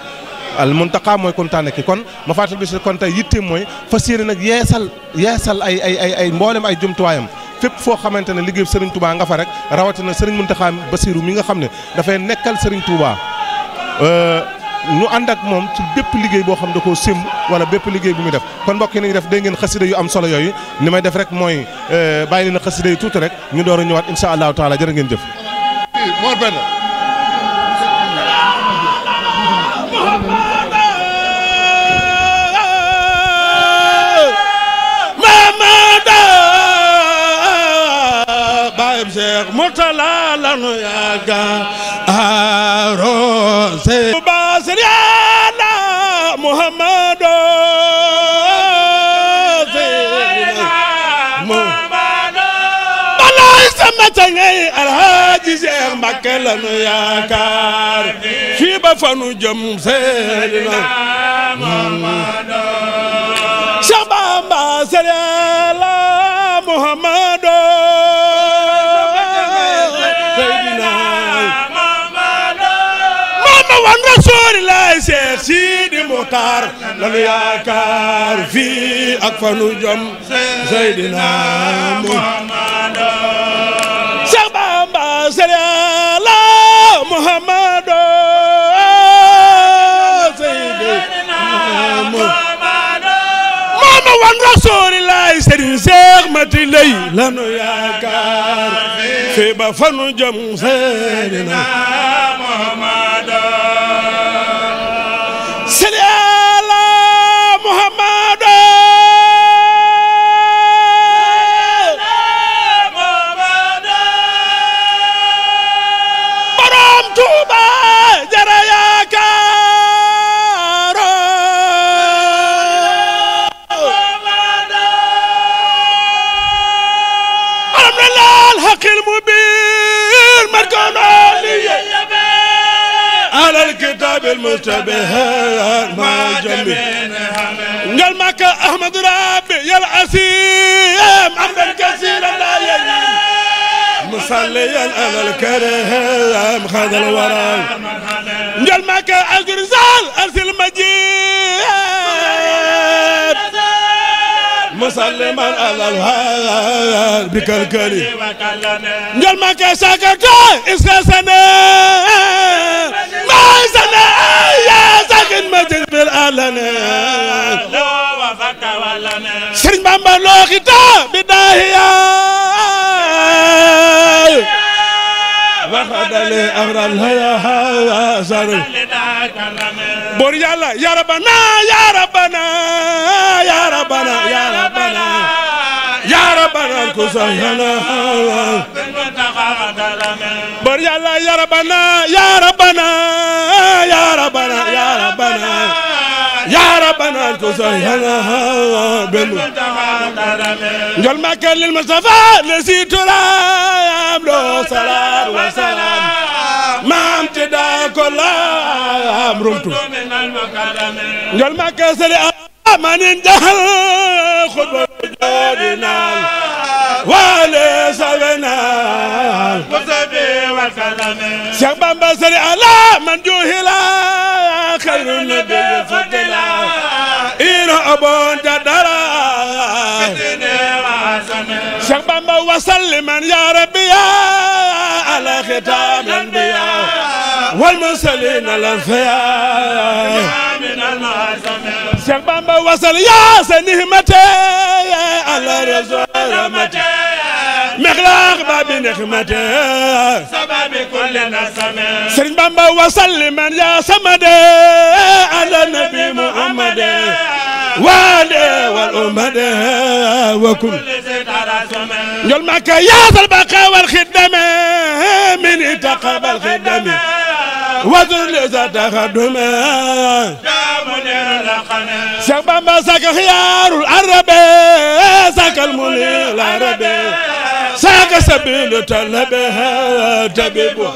al Mountakha mooy kon tànn ki kon ma fàttali bis kon tey yitte mooy fas yéene nag yeesal yeesal ay ay ay mboolem ay jumtuwaayam. fépp foo xamante ne liggéey Serigne Touba nga fa rek rawatina Serigne Mountakha Bassirou mi nga xam ne dafay nekkal Serigne Touba. Euh, ñu ànd moom ci bépp liggéey boo xam da koo simb wala bépp liggéey bu muy def kon mbokk yi nañu def day ngeen xasida yu am solo yooyu ni may def rek mooy euh, bàyyi leen xasida yu tuuti rek ñu door a ñëwaat insha allahu taala jërë ngeen jëf. Murtala lanu yàgg a roose tey alxaaji Seex Mbàkke lanu yaakaar fii ba fanu jëm Seydina Muhammadu Seex Bamba Seydina Muhammadu Seydina Muhammadu mama fii ak fanu jëm rasulilaay sëriñ Seex Mati Lay lanu yaakaar fi ba fanu jëm seenina على الكتاب المشتبه ما جميل قال معك احمد ربي يا العسيم عمدا كثيرا لا يلي مصليا على الكريم خذ الورى قال معك اقرزال ارسل مجيد مسلما على الهار بكركلي قال معك ساكتا اسكسنا لنا لو وفتولنا سرين بامبا لو خطاب بداهيا waxal daale abral haya sare bor yàlla ya rabana ya rabana ya rabana ya rabana ya rabana ku sayana bor yàlla ya rabana ya rabana ya rabana ya rabana بنات زيها بن جل مكان للمصطفى الذي ترام له صلاة وسلام ما امتدى كل امرمت جل مكان سري من اندهل خد بجودنا وعلي سبنا وسبي وسلم شيخ بامبا سري على من جهل bon Bamba wa salliman ya rabbi ya ala khitam anbiya wal mursalin al anfiya ala rasul rahmate والي والأمد وكل نجل معك يا البقاء والخدم من تقبل خدم وذل تخدم شيخ بامبا ساك خيار العرب ساك المنير العرب ساك سبيل تلبه تبيب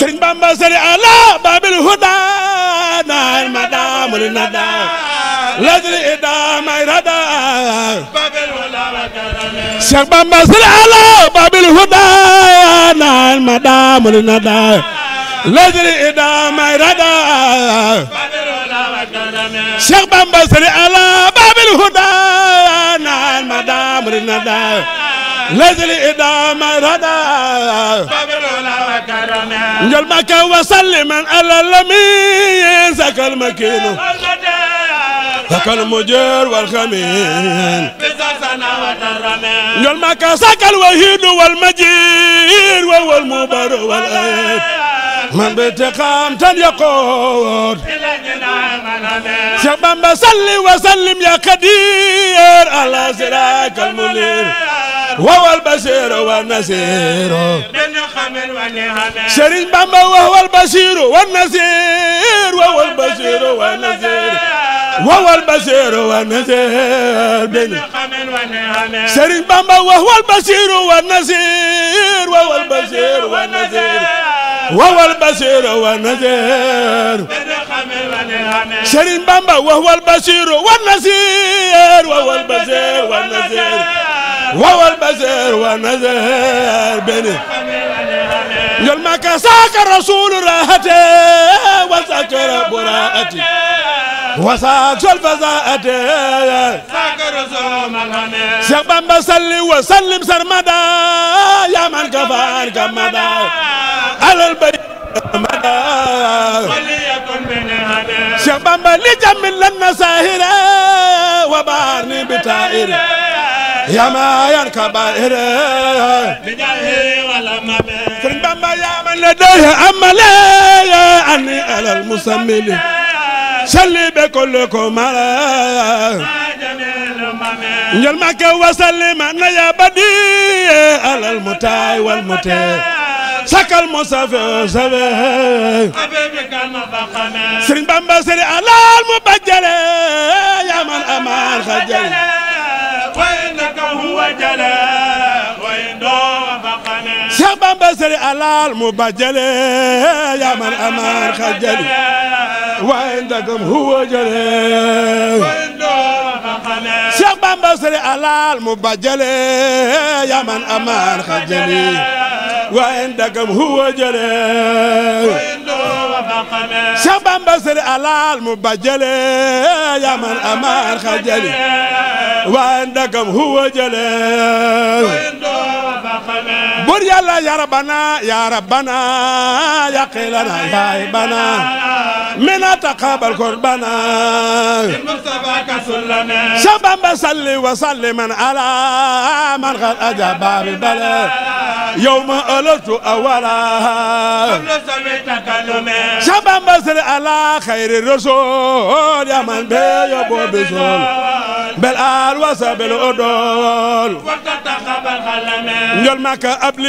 سرين بامبا سري على باب الهدى نال مدام الندى لدري إدام إرادا باب الهدى وكرم شيخ بامبا سلالة باب الهدى نال مدام لندى لدري إدام إرادا باب الهدى وكرم شيخ بامبا سلالة باب الهدى نال مدام لندى لازل إدام ردا نجل مكة وسلم على المين زكى المكين sakal mujur wal khamin bisasana wa taramin njol maka sakal wahid wal majir wa wal mubar wal ayat man bitiqam tan yaqut Cheikh Bamba salli wa sallim ya qadir ala sirakal munir wawal basiru wa nasiru Serigne Bamba wawal basiru wa nasiru wawal basiru wa nasir benn Serigne Bamba wawal basiru wa nasir wawal basiru wa nasir wawal basiru wa nasir Serigne Bamba wawal basiru wa nasir wawal basiru wa nasir wawal basiru wa nasir benn yol maka saka rasulu rahate wa sakara buraati وساق الفزاءة ساكر سوم الهمين شيخ بامبا صلي وسلم سرمدا يا من كفان كمدا على البيت مدا وليكن من هدى شيخ بامبا لجمل لنا ساهرة وبارني بتائرة يا ما ينكبائر بجاهي ولا مبير سرين بامبا يا من لديه أملي أني على المسمين salli be kullu ko mala njol makke wa sallim na ya badi alal mutay wal mutay sakal musafi sabe Serigne Bamba seri alal mu bajjale ya man amar khajjale wa innaka huwa jala wa indaw baqana Serigne Bamba seri alal mu bajjale ya man amar khajjale وعندكم هو جليل شيخ بامبا سري على المبجل يا من أمان خجلي وعندكم هو جليل شيخ بامبا سري على المبجل يا من أمان خجلي وعندكم هو جليل bur yàlla ya rabbana ya rabbana ya qilana ya ibana mina taqabal qurbana shabamba salli wa salliman ala man qad ajaba bi bala yawma alatu awala shabamba salli ala khayri rasul ya man be yo bo بالآل وسبل الأدول وقد تقبل خلمه نجل مكة أبلي